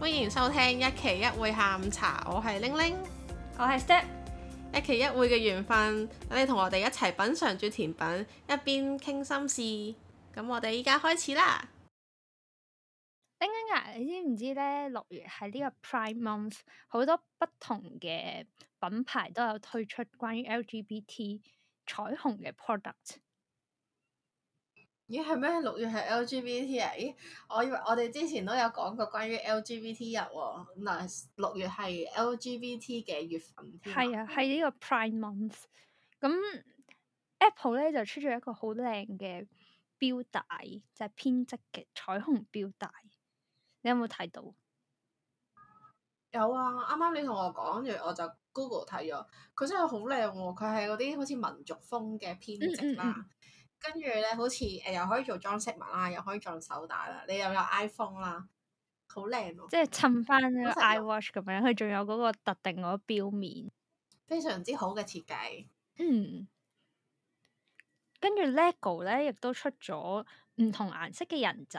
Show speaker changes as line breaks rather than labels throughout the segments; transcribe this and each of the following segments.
歡迎收聽一期一會下午茶，我係玲玲，我係 Step，一期一會嘅緣分，等你同我哋一齊品嘗住甜品，一邊傾心事，咁我哋依家開始啦。
田田啊，你知唔知咧？六月係呢個 Prime Month，好多不同嘅品牌都有推出關於 LGBT 彩虹嘅 product。
咦，係咩？六月係 LGBT 啊？咦，我以為我哋之前都有講過關於 LGBT 日、啊、喎。嗱，六月係 LGBT 嘅月份。係啊，
係呢個 Prime Month。咁 Apple 咧就出咗一個好靚嘅錶帶，就係編織嘅彩虹錶帶。你有冇睇到？
有啊，啱啱你同我講，跟住我就 Google 睇咗，佢真係、哦、好靚喎。佢係嗰啲好似民族風嘅編織啦，嗯嗯嗯、跟住咧好似誒、呃，又可以做裝飾物啦，又可以做手帶啦。你又有 iPhone 啦，好靚哦！即
係襯翻個 iWatch 咁樣，佢仲有嗰個特定嗰個表面，
非常之好嘅設計。
嗯，跟住 LEGO 咧，亦都出咗唔同顏色嘅人仔。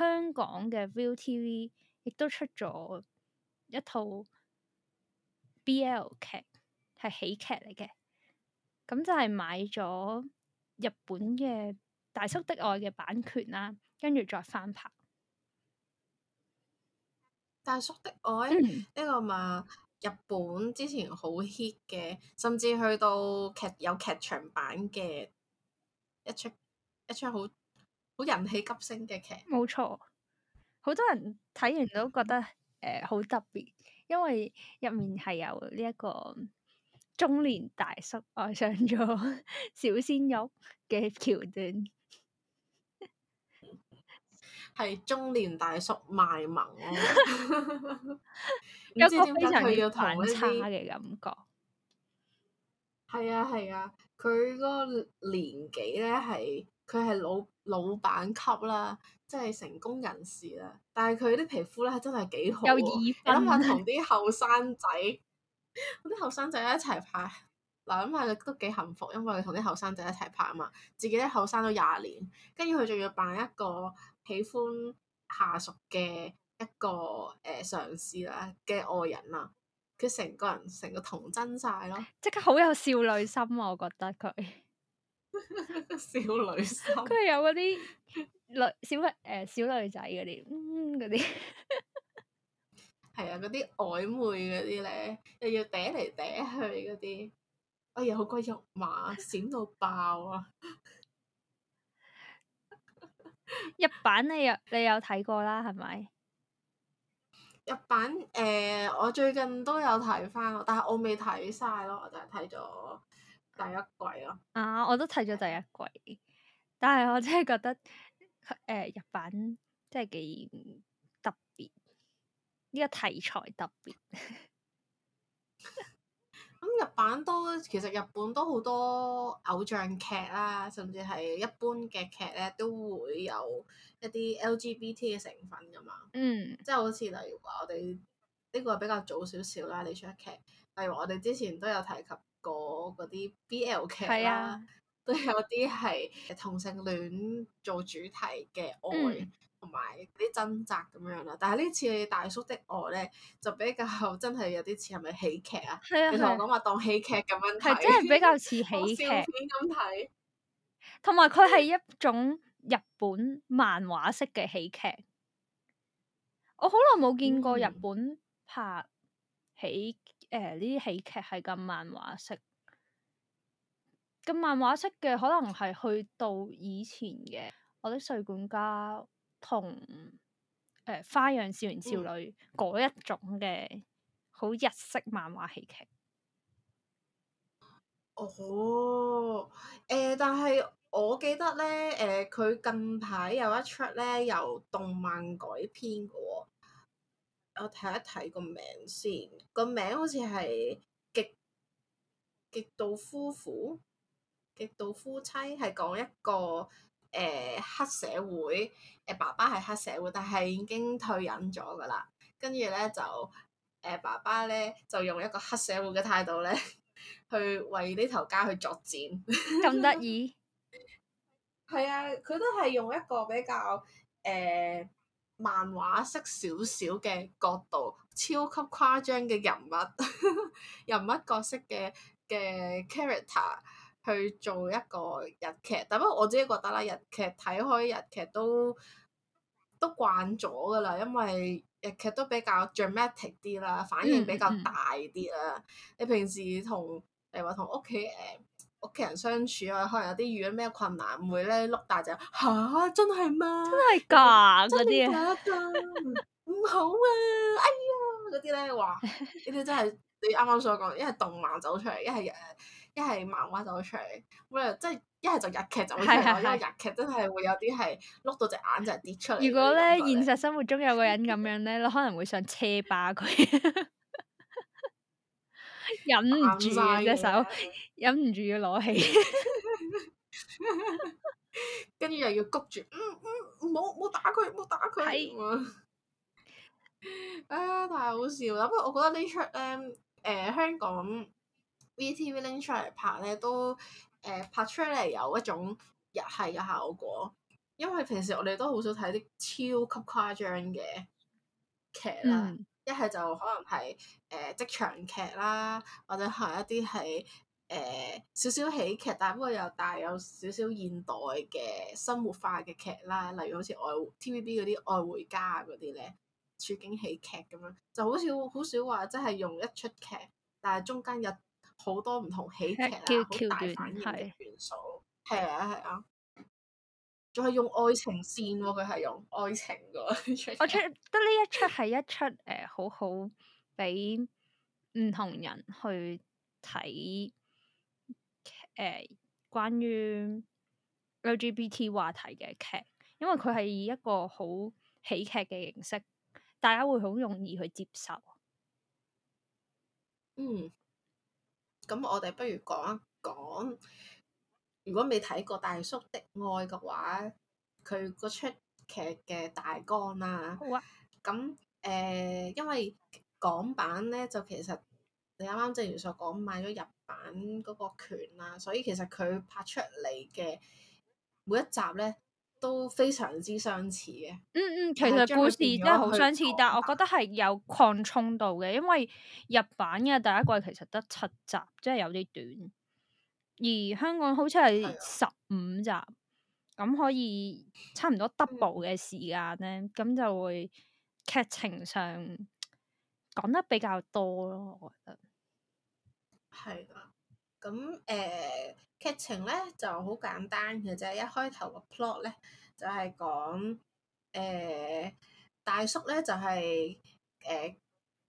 香港嘅 ViuTV 亦都出咗一套 BL 劇，係喜劇嚟嘅，咁就係買咗日本嘅《大叔的愛》嘅版權啦，跟住再翻拍
《大叔的愛》呢 個嘛，日本之前好 hit 嘅，甚至去到劇有劇場版嘅一出一出好。好人氣急升嘅劇，
冇錯，好多人睇完都覺得誒好特別，因為入面係有呢一個中年大叔愛上咗小鮮肉嘅橋段，
係中年大叔賣萌咯，一個非常之反差嘅感覺。係啊係啊，佢嗰個年紀呢，係佢係老。老闆級啦，即係成功人士啦，但係佢啲皮膚呢，真係幾好、啊。有耳福。諗下同啲後生仔，嗰啲後生仔一齊拍，嗱，諗下佢都幾幸福，因為佢同啲後生仔一齊拍啊嘛，自己啲後生都廿年，跟住佢仲要扮一個喜歡下屬嘅一個誒、呃、上司啦，嘅愛人啦，佢成個人成個童真晒
咯，即刻好有少女心，我覺得佢。
小女
生，佢有嗰啲小乜誒，女、呃、小女仔嗰啲，嗯，嗰啲，係 啊，嗰啲曖昧嗰啲呢，又要嗲嚟嗲去嗰啲，哎呀，好鬼肉麻，閃到爆啊！ 日版你有你有睇過啦，係咪？
日版誒、呃，我最近都有睇翻，但係我未睇晒咯，我就係睇咗。第一
季咯、啊，啊，我都睇咗第一季， 但係我真係覺得，誒、呃，日版真係幾特別，呢、這個題材特別。咁
日版都，其實日本都好多偶像劇啦，甚至係一般嘅劇呢，都會有一啲 LGBT 嘅成分㗎嘛。嗯，即係好似例如話我哋呢、這個比較早少少啦，你出劇，例如話我哋之前都有提及。個嗰啲 BL 劇啊，都有啲係同性戀做主題嘅愛，同埋啲掙扎咁樣啦。但係呢次大叔的愛呢，就比較真係有啲似係咪喜劇啊？你同、啊啊、我講話當
喜劇咁樣睇，係真係比較似喜劇咁睇。同埋佢係一種日本漫畫式嘅喜劇。我好耐冇見過日本拍喜劇。嗯誒呢啲喜劇係咁漫畫式，咁漫畫式嘅可能係去到以前嘅《我的細管家》同、呃、誒《花樣少年少女、嗯》嗰一種嘅好日式漫畫喜劇。
哦，誒、呃，但係我記得呢，誒、呃、佢近排有一出呢，由動漫改編嘅喎。我睇一睇個名先，個名好似係極極道夫婦，極道夫妻係講一個誒、呃、黑社會，誒、呃、爸爸係黑社會，但係已經退隱咗噶啦。跟住咧就誒、呃、爸爸咧就用一個黑社會嘅態度咧，去為呢頭家去作戰。咁得意？係 啊，佢都係用一個比較誒。呃漫畫式少少嘅角度，超級誇張嘅人物， 人物角色嘅嘅 character 去做一個日劇，但不過我自己覺得啦，日劇睇開日劇都都慣咗㗎喇，因為日劇都比較 dramatic 啲啦，反應比較大啲啦，mm hmm. 你平時同例如話同屋企誒。屋企人相處啊，可能有啲遇到咩困難，唔會呢碌大隻吓，真係嗎？真係假噶嗰啲啊！唔好啊，哎呀嗰啲呢話呢啲真係你啱啱所講，一係動漫走
出嚟，一係一係漫畫走出嚟，咁啊，即
係一係就日劇就會出嚟，因為日劇真係會有啲係碌到隻眼就係跌出嚟。如果呢
現實生活中有個人咁樣呢， 可能會想車霸佢。 忍唔住隻手， 忍唔住要攞起，
跟住又要谷住，唔唔唔好打佢，唔好打佢。係啊是，太、 哎、好笑啦！不過我覺得呢出咧，誒、呃、香港 VTV 拎出嚟拍咧，都誒、呃、拍出嚟有一種日系嘅效果，因為平時我哋都好少睇啲超級誇張嘅劇啦。嗯一係就可能係誒職場劇啦，或者係一啲係誒少少喜劇，但不過又帶有少少現代嘅生活化嘅劇啦，例如好似外 T V B 嗰啲愛回家嗰啲咧，處境喜劇咁樣就好少好少話，即係用一出劇，但係中間有好多唔同喜劇啊，好大反應嘅元素，
係啊係啊。仲係用愛情線，佢係用愛情嘅。 我覺得呢一出係一出誒、呃，好好俾唔同人去睇誒、呃，關於 LGBT 話題嘅劇，因為佢係以一個好喜劇嘅形式，大家會好容易去接受。嗯，咁
我哋不如講一講。如果未睇過大叔的愛嘅話，佢嗰出劇嘅大綱啦、啊，咁誒、啊呃，因為港版呢，就其實你啱啱正如所講買咗日版嗰個權啦、啊，所以其實佢拍出嚟嘅每一集呢都非常之相似
嘅。嗯嗯，其實故事真係好相似，但我覺得係有擴充到嘅，因為日版嘅第一季其實得七集，即、就、係、是、有啲短。而香港好似係十五集，咁的可以差唔多 double 嘅時間呢，咁、嗯、就會劇情上講得比較多咯。我覺得係
啦，咁誒劇情呢就好簡單嘅啫，一開頭個 plot 呢就係講誒大叔呢，就係、是、誒、呃、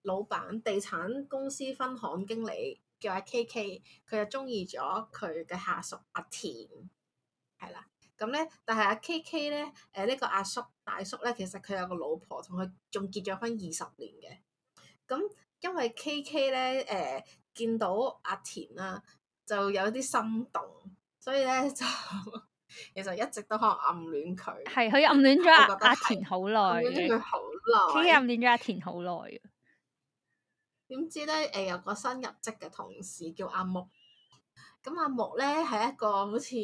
老闆地產公司分行經理。叫阿 K K，佢就中意咗佢嘅下屬阿田，係啦，咁咧，但係阿 K K 咧，誒、這、呢個阿叔大叔咧，其實佢有個老婆，同佢仲結咗婚二十年嘅，咁因為 K K 咧，誒、呃、見到阿田啦，就有啲心動，所以咧就其實一直都可能暗戀佢，係，
佢暗戀咗阿，阿田好耐，暗戀佢好耐，K K 暗戀咗阿田好耐。
點知咧？誒、呃、有個新入職嘅同事叫阿木，咁、嗯、阿木咧係一個好似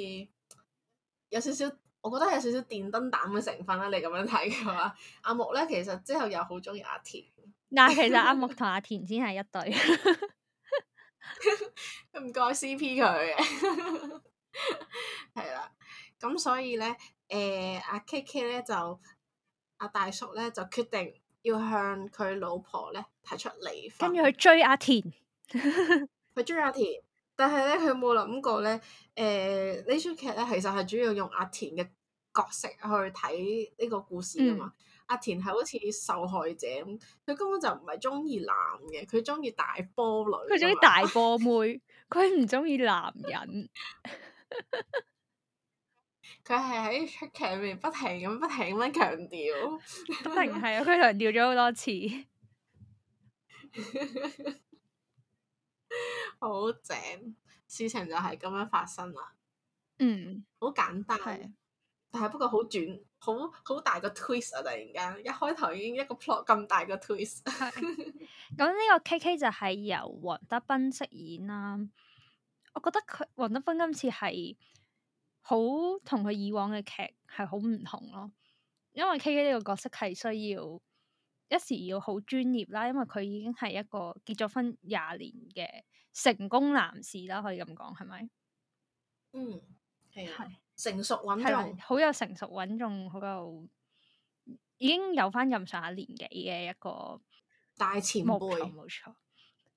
有少少，我覺得有少少電燈膽嘅成分啦。你咁樣睇嘅話，嗯、阿木咧其實之後又好鍾意阿田。嗱，其實阿
木同阿田先係一對，
唔該 C P 佢嘅，係 啦。 咁所以咧，誒、呃、阿、啊、K K 咧就阿、啊、大叔咧就決定。要向佢老婆咧提出離婚，跟住去
追阿田，
去 追阿田，但係咧佢冇諗過咧，誒、呃、呢出劇咧其實係主要用阿田嘅角色去睇呢個故事噶嘛。嗯、阿田係好似受害者，佢根本就唔係中意男嘅，佢中意大波女，佢中意大
波妹，佢唔中意男人。 佢係喺出劇入面不停咁、不停咁樣強調，不停係啊！佢強調咗好多次， 好
正。事情就係咁樣發生啦。嗯，好簡單，是但係不過好轉，好好大個 twist 啊！突然間一開頭已經一個 plot 咁大個 twist。
咁 呢個 KK 就係由黃德斌飾演啦。我覺得佢黃德斌今次係。好同佢以往嘅劇係好唔同咯，因為 K K 呢個角色係需要一時要好專業啦，因為佢已經係一個結咗婚廿年嘅成功男士啦，可以咁講係咪？嗯，係是
成熟穩重，
好有成熟穩重，好有已經有翻咁上下年紀嘅一個大前輩，冇錯。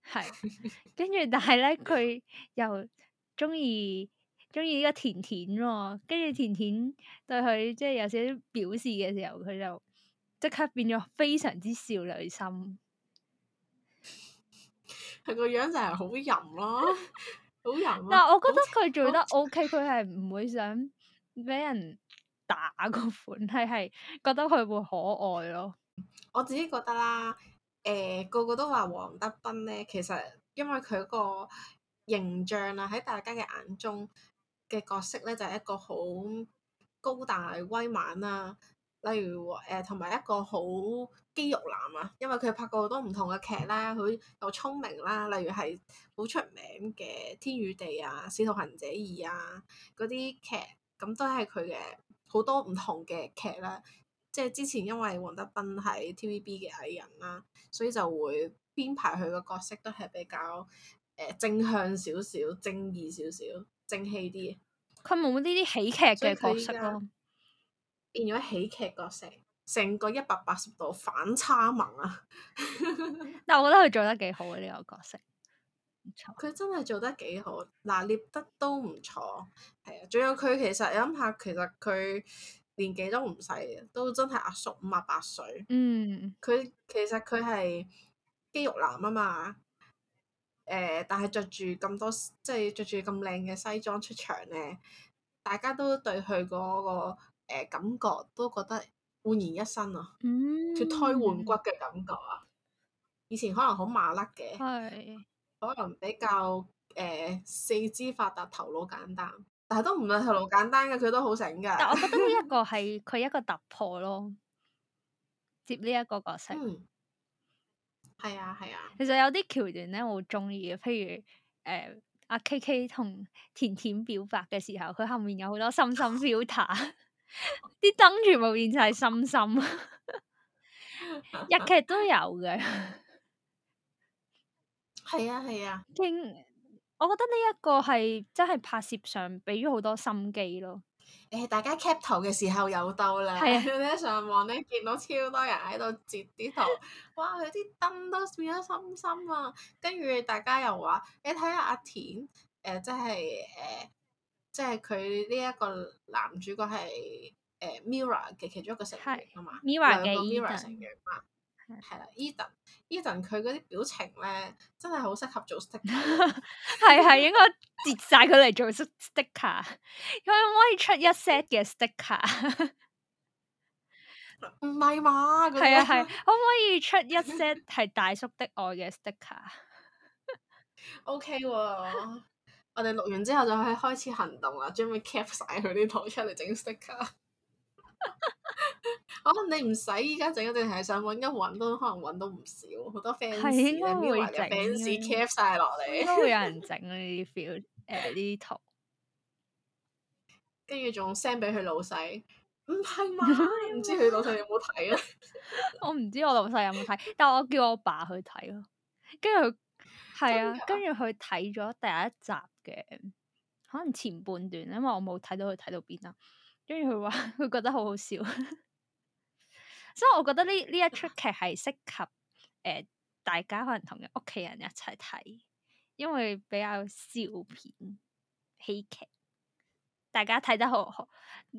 係，跟住， 但係咧，佢又中意。鍾意呢個田田喎，跟住田田對佢即係有少少表示嘅時候，佢就即刻變咗非常之少女心。佢個 樣就係 好淫咯、啊，好淫咯。但係我覺得佢做得 OK，佢係唔會想俾人打個款，係係覺得佢會可愛咯。我自己覺得啦，
誒、呃，個個都話黃德斌呢，其實因為佢個形象呀，喺大家嘅眼中。嘅角色咧就係、是、一個好高大威猛啦、啊，例如誒同埋一個好肌肉男啊，因為佢拍過好多唔同嘅劇啦，佢又聰明啦、啊，例如係好出名嘅《天與地》啊，《使徒行者二》啊嗰啲劇，咁、嗯、都係佢嘅好多唔同嘅劇啦。即係之前因為黃德斌係 TVB 嘅藝人啦、啊，所以就會編排佢嘅角色都係比較誒、呃、正向少少、正義少少。正氣啲，
佢冇呢啲喜劇嘅角色
咯，變咗喜劇角色，成個一百八十度反差萌啊！
但係我覺得佢做得幾好嘅呢、呢個角色，佢真係做得
幾好。嗱，獵德都唔錯，係啊，仲、啊、有佢其實諗下，其實佢年紀都唔細，都真係阿叔五啊八歲。嗯，佢其實佢係肌肉男啊嘛。誒、呃，但係着住咁多，即係着住咁靚嘅西裝出場咧，大家都對佢嗰、嗰個、呃、感覺都覺得煥然一新啊，脫胎、嗯、換骨嘅感覺啊！以前可能好麻甩嘅，是可能比較誒、呃、四肢發達，頭腦簡單，但係都唔係頭腦簡單嘅，佢都好醒㗎。但係
我覺得呢一個係佢一個突破咯， 接呢一個角色。嗯
係
啊係啊，啊其實有啲橋段呢，我好中意嘅，譬如誒阿、呃、K，K 同田田表白嘅時候，佢後面有好多心心 filter，啲 燈全部變晒心心， 日劇都有嘅。係啊係啊，傾、啊，我覺得呢一個係真係拍攝上俾咗好多心機咯。誒，大家 cap 圖嘅時候有兜啦，你
一上網咧見到超多人喺度截啲圖， 哇，佢啲燈都變咗心心啊！跟住大家又話，你睇下阿田，誒、呃，即係誒、呃，即係佢呢一個男主角係誒、呃、mirror 嘅其中一個成員啊嘛 mirror 嘅 mirror 成員啊。係啦，Eden，Eden 佢嗰啲表情呢，真係好適合做 sticker，
係係應該截晒佢嚟做 sticker，佢可唔可以出一 set 嘅 sticker？唔係嘛？係啊係，可唔可以出一 set 係大叔的愛嘅 sticker？OK
喎，我哋錄完之後就可以開始行動啦，將佢 cap 晒佢啲圖出嚟整 sticker。我問你唔使依家整，定係想揾？一揾都可能揾
到唔少，
好多 fans 咧，Vlog 嘅 fans cap 晒落的嚟，都會有人
整呢啲 feel，誒呢啲圖，
跟住仲 send 俾佢老細，唔係嘛？唔知佢老細有冇睇
啊？ 我唔知我老細有冇睇，但係我叫我爸去睇咯，跟住佢係啊，跟住佢睇咗第一集嘅，可能前半段，因為我冇睇到佢睇到邊啦。跟住佢話，佢覺得好好笑，所 以、so, 我覺得呢呢一出劇係適合誒、呃、大家可能同屋企人一齊睇，因為比較笑片喜劇。大家睇得好，好，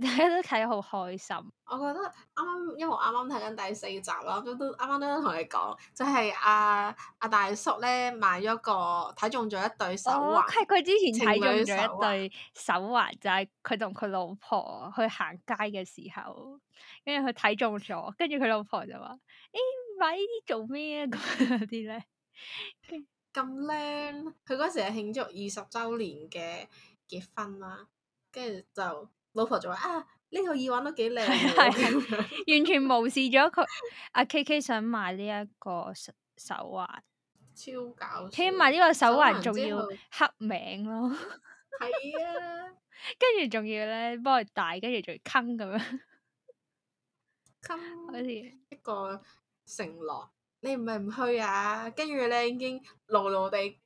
大家都睇得好開心。
我覺得啱啱因為我啱啱睇緊第四集啦，我都啱啱都同你講，就係阿阿大叔呢買咗個睇中咗一對手環，係佢、oh, okay, 之前睇中咗一對
手環，手環就係佢同佢老婆去行街嘅時候，跟住佢睇中咗，跟住佢老婆就話：誒、hey,，買 呢啲做咩啊？嗰啲呢咁靚，佢嗰時係慶祝二
十周年嘅結婚啦。跟住就老婆就話
啊，呢套耳環都幾靚啊，完全無視咗佢阿 K K 想買呢一個手手環，
超搞笑，想買呢個手環仲要
刻名咯，
係 啊，
跟住仲要呢幫佢戴，跟住仲要坑咁樣，
坑好似一個承諾， 你唔係唔去啊？跟住呢已經牢牢地。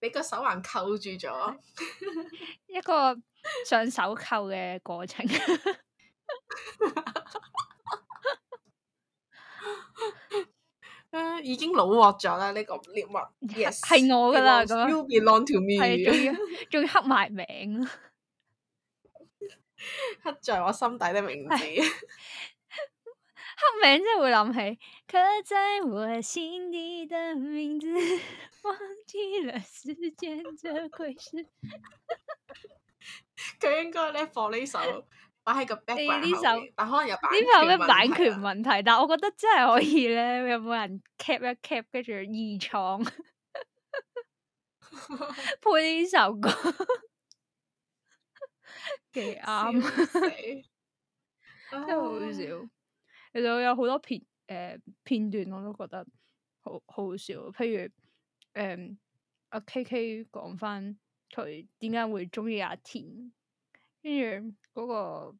俾個手環扣住咗，
一個上手扣嘅過程。 uh,
已經老獲咗啦，呢、這個禮物。 y Yes ,係我噶啦，You belong to me。仲
要仲要刻埋名咯，
刻在我心底的名字 。
刻 名真會諗起，刻在我心底的名字。 時間、 欸，這回
事。佢應該呢放呢首，擺喺個 background，但可能有咩版，版權
問題。但我覺得真係可以呢，有冇人 cap 一 cap，跟住二創配呢首歌，幾 啱，真 好笑。其實有有好多片誒、呃、片段，我都覺得好好笑。譬如誒。呃阿、啊、K K 講翻佢點解會中意阿田，跟住嗰個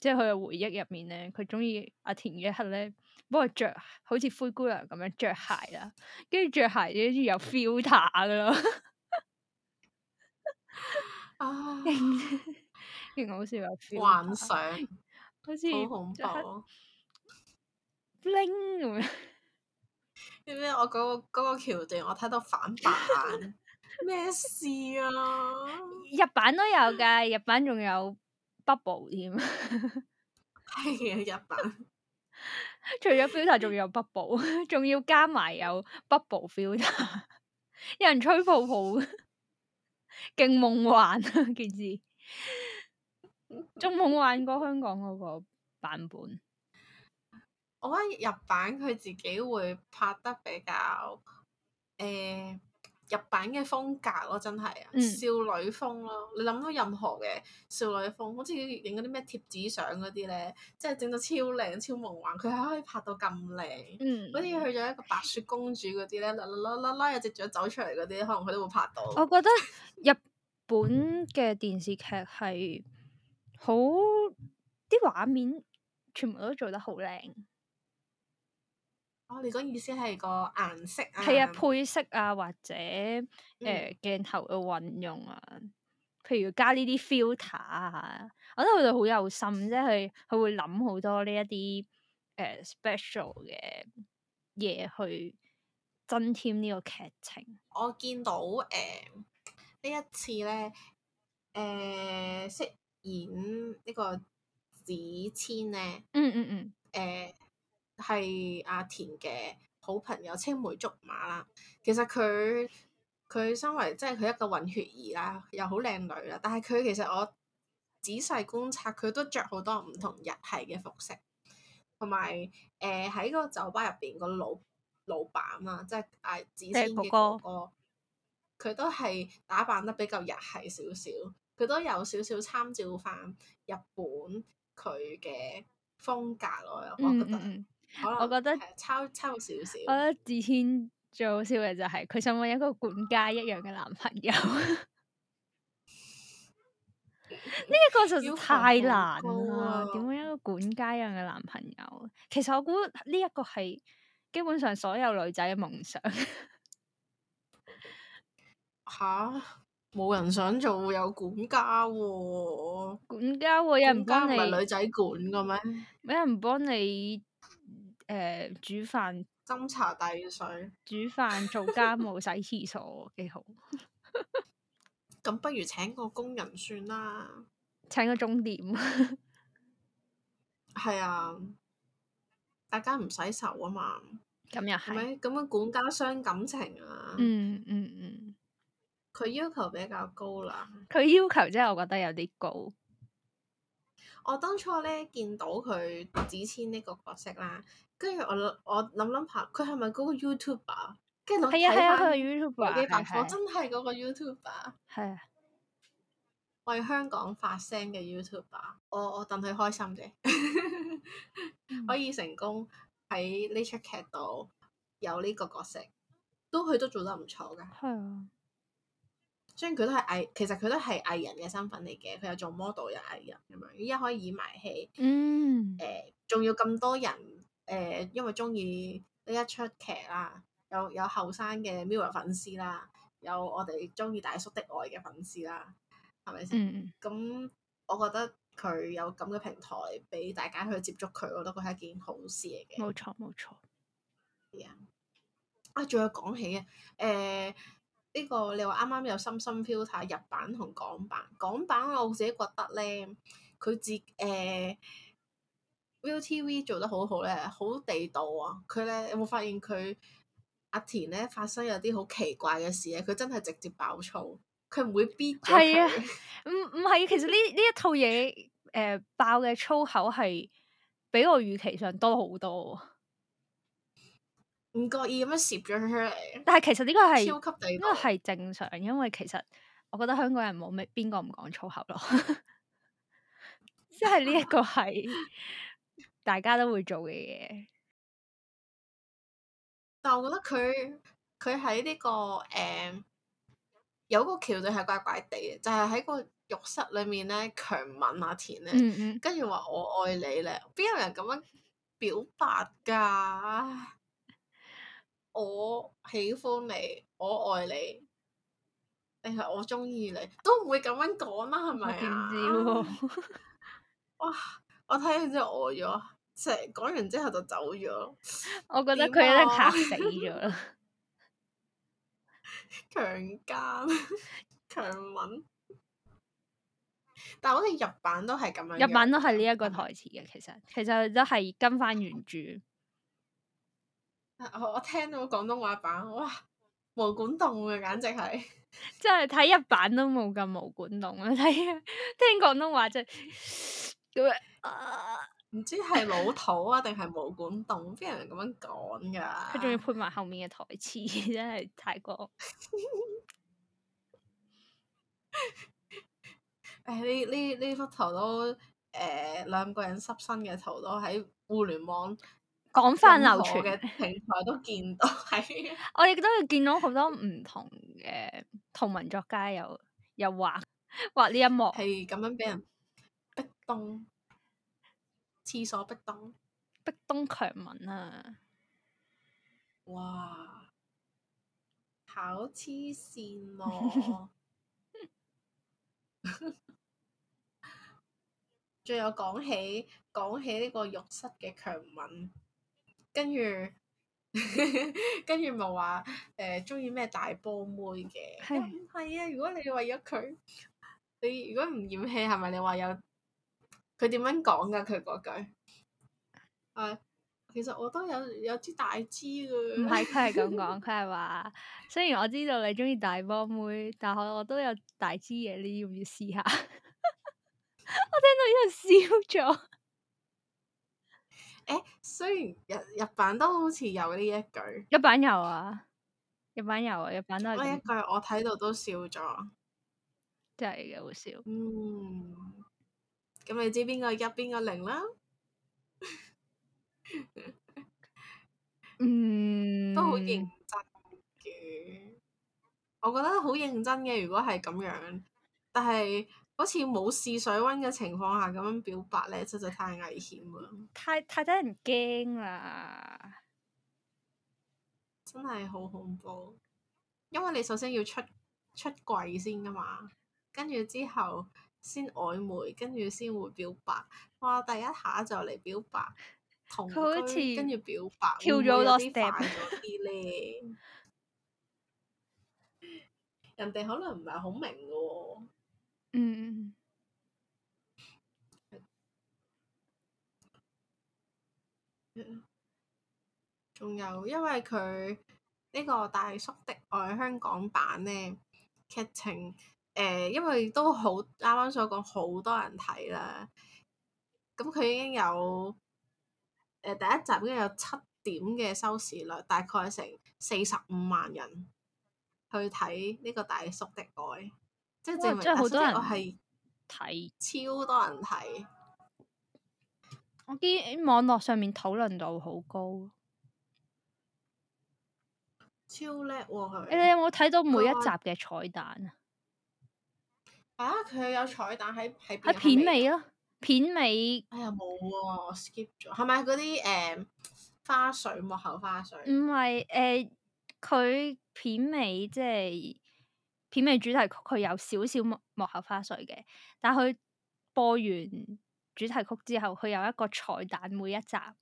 即係佢嘅回憶入面咧，佢中意阿田嘅一刻咧，不過着好似灰姑娘咁樣着鞋啦，跟住着鞋好似有 filter 噶咯，啊，oh， 好笑，filter，幻想。 好似好恐怖，bling 咁樣。 咩？我嗰個嗰個橋段，我睇到反白眼，咩 事啊？日版都有㗎，日版仲有 bubble 添，係 啊，日版。 除咗 filter，仲有 bubble，仲要加埋有 bubble filter，有人吹泡泡，勁 夢幻啊！件事，仲夢幻過香港嗰個版本。
我覺得日版佢自己會拍得比較，誒、欸，日版嘅風格咯，真係、嗯、少女風咯。你諗到任何嘅少女風，好似影嗰啲咩貼紙相嗰啲咧，即係整到超靚超夢幻，佢係可以拍到咁靚。嗯，好似去咗一個白雪公主嗰啲咧，啦啦啦啦啦有隻雀走出嚟嗰啲，可能佢都會拍到。我
覺得日本嘅電視劇係好，啲畫面全部都做得好靚。我、哦、你講意思係個顏色啊，係啊，配色啊，或者誒、嗯呃、鏡頭嘅運用啊，譬如加呢啲 filter 啊，我覺得佢哋好有心，即係佢會諗好多呢一啲誒 special 嘅嘢去增添呢個劇情。
我見到誒呢、呃、一次咧，誒、呃、飾演個呢個子千咧，嗯嗯嗯，誒、呃。係阿田嘅好朋友青梅竹馬啦，其實佢佢身為即係佢一個混血兒啦，又好靚女啦，但係佢其實我仔細觀察佢都着好多唔同日系嘅服飾，同埋誒喺個酒吧入邊個老老闆啊，即係阿子謙嘅哥哥，佢哥都係打扮得比較日系少少，佢都有少少參照翻日本佢嘅風格咯，我覺得。嗯嗯我覺得抄抄少少。我
覺得志謙最好笑嘅就係、是、佢想搵一個管家一樣嘅男朋友。呢 一個就太難啦！點樣一個管家一樣嘅男朋友？其實我估呢一個係基本上所有女仔嘅夢想。吓 ，
冇人想做有管家喎、啊。管家喎、啊，有人幫你。唔係女仔
管嘅咩？冇人幫你？誒、呃，煮飯斟茶遞水，煮飯做家務 洗廁所，幾好。
咁 不如請個工人算啦，
請個鐘點。
係 啊，大家唔使愁啊嘛。
咁又係，
係咪？咁樣管家傷感情啊。嗯嗯嗯，佢、嗯嗯、要求比較高啦。
佢要求真係我覺得有啲高。
我當初咧見到佢子千呢個角色啦。跟住我，我諗諗下，佢係咪
嗰個 YouTuber？跟住佢係 YouTuber。我真
係嗰個 YouTuber。係、啊，為香港發聲嘅 YouTuber。我我戥佢開心嘅， 嗯、可以成功喺呢出劇度有呢個角色，都佢都做得唔錯噶。係啊，雖然佢都係藝，其實佢都係藝人嘅身份嚟嘅。佢有做 model 又藝人咁樣，而家可以演埋戲，
嗯，
誒、呃，仲要咁多人。誒，因為中意呢一出劇啦，有有後生嘅 Mirror 粉絲啦，有我哋中意大叔的愛嘅粉絲啦，係咪先？咁、嗯嗯、我覺得佢有咁嘅平台俾大家去接觸佢，我都覺得係一件好事嚟嘅。
冇錯冇錯，
係、yeah. 啊，仲有講起啊，誒、呃，呢、這個你話啱啱有、um《深深、um、f i l t 日版同港版，港版我自己覺得咧，佢自誒。呃 ViuTV 做得好好咧，好地道啊！佢咧有冇發現佢阿田咧發生有啲好奇怪嘅事咧？佢真係直接爆粗，佢唔
會逼。係啊，唔唔係其實呢呢一套嘢誒、呃、爆嘅粗口係比我預期上多好多，唔
覺意咁樣攝咗佢出嚟。但係其實呢個係超級地道，呢個係
正常，因為其實我覺得香港人冇咩邊個唔講粗口咯，即係呢一個係。 大家都會做嘅嘢，
但我覺得佢佢喺呢個誒、嗯、有個橋段係怪怪地嘅，就係、是、喺個浴室裏面呢，強吻阿田呢，跟住話我愛你呢，邊有人咁樣表白噶？我喜歡你，我愛你，定係我中意你，都唔會咁樣講啦，係咪啊？啊 哇！我睇完之後餓咗。成講完之後就走咗，我覺得佢都嚇死
咗啦樣、啊
強姦、強吻，但好似日版，版都係咁樣，日版都
係呢一個台詞嘅。其實其實都係跟翻原著。
我、啊、我聽到廣東話版，哇！毛管戙嘅，簡直係，
真係睇日版都冇咁毛管戙啊！睇聽廣東話真係咁樣啊！唔知係老土啊，定係毛管動？邊有人咁樣講噶、啊？佢仲要配埋後面嘅台詞，真係太過。誒、 哎，呢呢呢幅圖都誒，兩、呃、個
人濕身嘅圖都喺互聯網廣泛流傳嘅平台都見到。喺
我亦都會見到好多唔同嘅同文作家又又畫畫呢一幕，係咁樣俾人壁咚。廁所壁咚，壁咚強吻啊！哇，
好黐線喎！仲 有講起講起呢個浴室嘅強吻，跟住 跟住咪話誒中意咩大波妹嘅，係啊係啊！如果你為咗佢，你如果唔嫌棄，係咪你話有？佢點樣講噶佢嗰句，uh, 其實我都有有支大支
嘅。唔係，佢係咁講，佢係話，雖然我知道你中意大波妹，但係我，我都有大支嘢，你要唔要試下？ 我聽到依度笑咗。誒、
欸，雖然日日版都好似有呢一句，
日版有啊，日版有啊，日版都係。呢一句，
我睇到都笑咗，
真係嘅，好笑。嗯。咁
你知邊個一，邊個零啦？嗯， 都好認真嘅，我覺得好認真嘅。如果係咁樣，但係好似冇試水溫嘅情況下咁樣表白呢，實在太危險啦！太太得人驚啦，真係好恐怖。因為你首先要出出櫃先㗎嘛，跟住之後。先曖昧，跟住先會表白。哇！第一下就嚟表白，同居好跟住表白會會，跳咗落 step 啲咧。人哋可能唔係好明喎、哦。嗯。仲有，因為佢呢、呢個大叔的愛香港版呢劇情。誒，因為都好啱啱所講，好多人睇啦。咁、嗯、佢已經有誒、呃、第一集已經有七點嘅收視率，大概成四十五萬人去睇呢個大叔的愛，即係證明真係好多人係睇，啊、是是超多人睇。
我見網絡上面討論度好高，
超叻喎佢。誒，你有冇睇到每一集嘅
彩蛋啊？
啊！佢有彩蛋喺喺片尾咯，啊，
片尾，哎呀冇
喎，我 skip 咗，係咪嗰啲誒花絮幕
後花絮？唔係誒，佢、呃、片尾即係片尾主題曲，佢有少少幕幕後花絮嘅，但佢播完主題曲之後，佢有一個彩蛋，每一集、啊、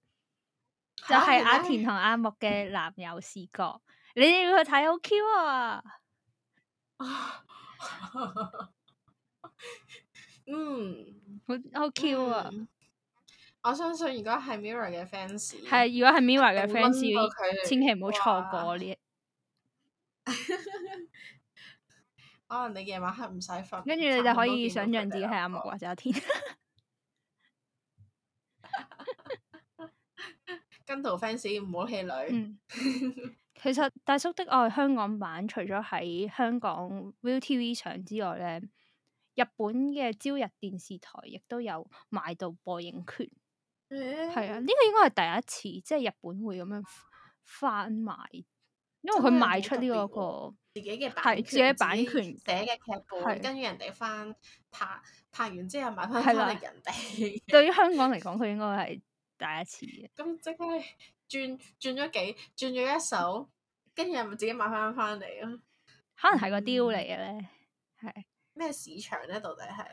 就係阿田同阿牧嘅男友視角，你哋要去睇好 Q 啊！ 嗯，好 Q 啊！
我相信如果係 Mirror 嘅 fans，係如果係 Mirror 嘅 fans，千祈唔好錯過呢。可能你夜晚黑唔使瞓，跟住你就可以想象
自己係阿莫或者阿天。
跟團 fans 唔好氣餒。
其實《大叔的愛》香港版除咗喺香港 ViuTV 上之外呢。日本嘅朝日電視台亦都有買到播映權，係、欸、啊，呢、這個應該係第一次，即、就、係、是、日本會咁樣翻買，因為佢賣出呢個、那個
自己嘅版係自己版權寫嘅劇本，跟住是人哋翻拍拍完之後買翻翻嚟人哋。
吧 對於香港嚟講，佢應該係第一次。
咁即刻轉轉咗幾轉咗一手，跟住又咪自己買翻翻嚟咯？
可能係個雕嚟嘅咧，係、嗯。
咩市場呢？到底係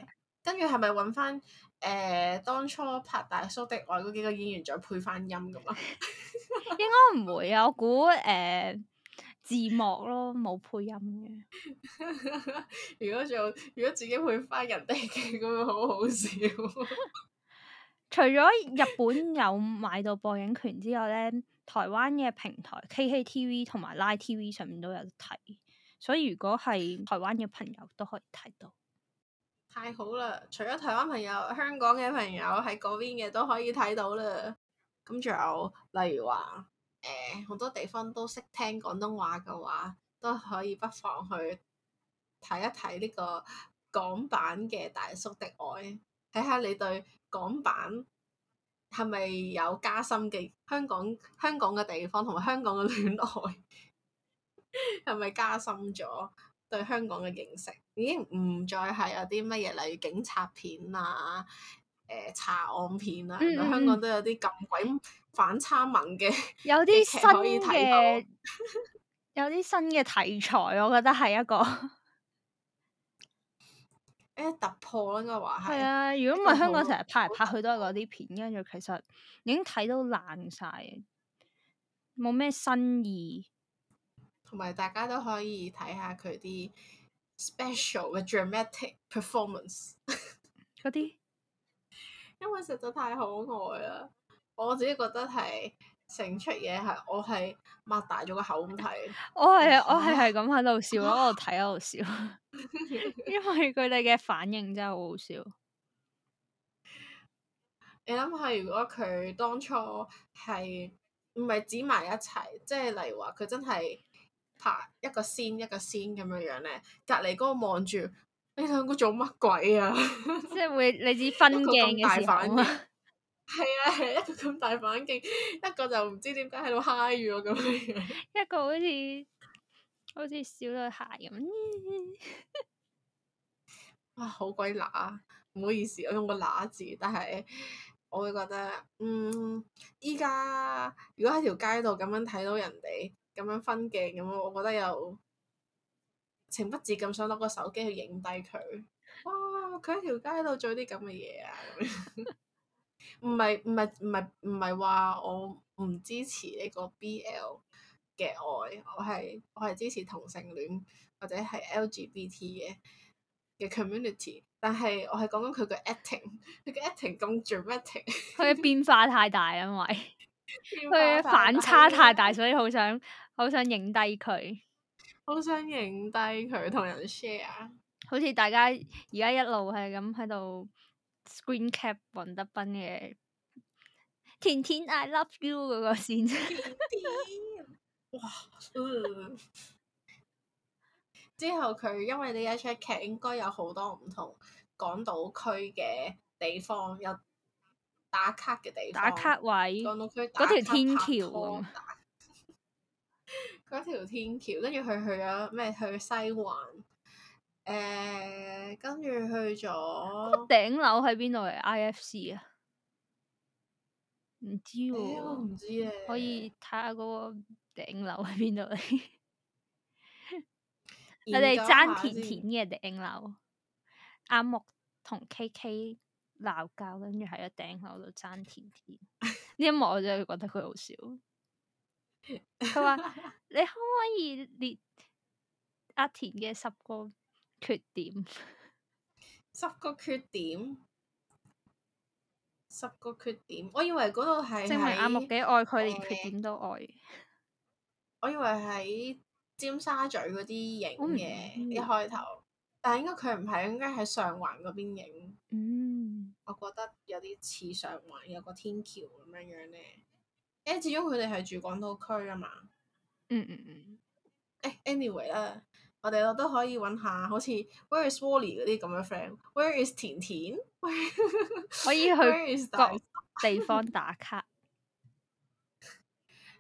跟住係咪揾翻誒當初拍大叔的愛嗰幾個演員再配翻音咁啊？
應該唔會啊！我估誒、呃、字幕咯，冇配音嘅。
如果仲有，如果自己配翻人哋嘅，會好好笑。
除咗日本有買到播映權之外呢，台灣嘅平台 KKTV 同埋 Line TV 上面都有得睇，所以如果係台灣嘅朋友都可以睇到，
太好啦！除咗台灣朋友，香港嘅朋友喺嗰邊嘅都可以睇到啦。咁仲有例如話，誒、欸，好多地方都識聽廣東話嘅話，都可以不妨去睇一睇呢個港版嘅《大叔的愛》，睇下你對港版係咪有加深嘅香港香港嘅地方同埋香港嘅戀愛。係咪 加深咗對香港嘅認識？已經唔再係有啲乜嘢，例如警察片啊、誒、呃、查案片啦、啊。嗯嗯，香港都有啲咁鬼反差萌嘅，有啲新嘅，
有啲新嘅題材，我覺得係一個、 欸、突破咯，應該話係。啊，如果唔係香港成日破拍嚟，拍去都係嗰啲片，跟住其實已經睇到爛晒，冇咩新意。
同埋大家都可以睇下佢啲 special 嘅 dramatic performance 嗰啲， 些因為實在太可愛啦！我自己覺得係成出嘢係我係擘大咗個口咁睇，
我係啊，我係係咁喺度笑，喺度睇，喺度笑， 因為佢哋嘅反應真係好好笑。 你諗下，如
果佢當初係唔係指埋一齊，即係例如話佢真係。爬，一個先一個先咁樣樣呢。隔離嗰個望住，
你兩個做乜鬼啊？即係會你知分鏡嘅時候，
係啊係一個咁大反鏡，一個就唔知點解喺度嗨住我咁樣樣，
一個好似 好似小女孩咁，
啊 好鬼乸唔好意思，我用個乸字，但係。我會覺得，嗯，依家如果喺條街度咁樣睇到人哋咁樣分鏡咁，我覺得又情不自禁想攞個手機去影低佢，哇！佢喺條街度做啲咁嘅嘢啊！咁樣？唔係唔係唔係唔係話我唔支持呢個 BL 嘅愛，我係我係支持同性戀或者係 LGBT 嘅嘅 community。但係我係講緊佢個 acting，佢嘅 acting 咁 d r a m a t i c
佢嘅變化太大，因為佢嘅 反差太大，所以想想想好想好想影低佢，好想影低佢同人 share。好似大家而家一路係咁喺度 screen cap 王德斌嘅甜甜 I love you 嗰、那個 s c e
甜 哇，呃 之後佢因為呢一齣劇應該有好多唔同港島區嘅地方，有打卡嘅地方打卡
位，港島區嗰條天橋，
啊，嗰條 天橋，跟住佢去咗咩？去西環，誒、呃，跟住去咗
頂樓喺邊度嚟？IFC 啊？唔知喎，啊，唔、欸、知嘅，可以睇下嗰個頂樓喺邊度嚟。 我哋爭田田嘅頂樓，阿木同 K K 鬧交，跟住喺個頂樓度爭田田。呢 一幕我真係覺得佢好笑。佢話： 你可唔可以列阿田嘅十個缺點？
十個缺點，十個缺點。我
以為嗰度係證明阿木幾愛佢，愛的連缺點都愛。
我以為喺。尖沙咀嗰啲影嘅、mm, mm. 一開頭，但係應該佢唔係，應該喺上環嗰邊影。嗯，mm. 我覺得有啲似上環有個天橋咁樣樣咧。誒、欸，始終佢哋係住港島區啊嘛。嗯嗯嗯。誒，anyway 啦，我哋都可以搵下好似 Where is Wally 嗰啲咁樣 friend，Where is 田田？Where、 可以去各地方打卡。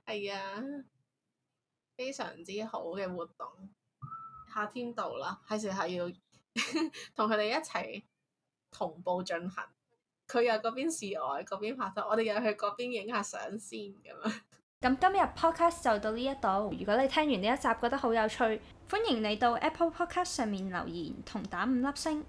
係啊。 Ya. 非常之好嘅活動，夏天到啦，係時候要同佢哋一齊同步進行。佢又嗰邊示愛，嗰邊拍拖，我哋又去嗰邊影下相先咁樣。
咁今日 podcast 就到呢一度。如果你聽完呢一集覺得好有趣，歡迎你到 Apple Podcast 上面留言同打五粒星。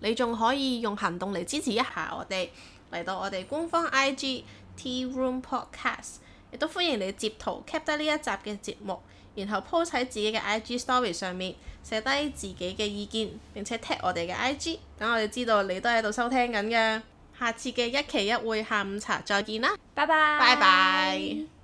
你仲可以用行動嚟支持一下我哋嚟到我哋官方
IG Tea Room Podcast。都歡迎你截圖 keep 得呢一集嘅節目，然後 po 喺自己嘅 IG story 上面，寫低自己嘅意見，並且 tag 我哋嘅 IG，等我哋知道你都喺度收聽緊嘅。下次嘅一期一會下午茶，再見啦，拜拜，拜拜。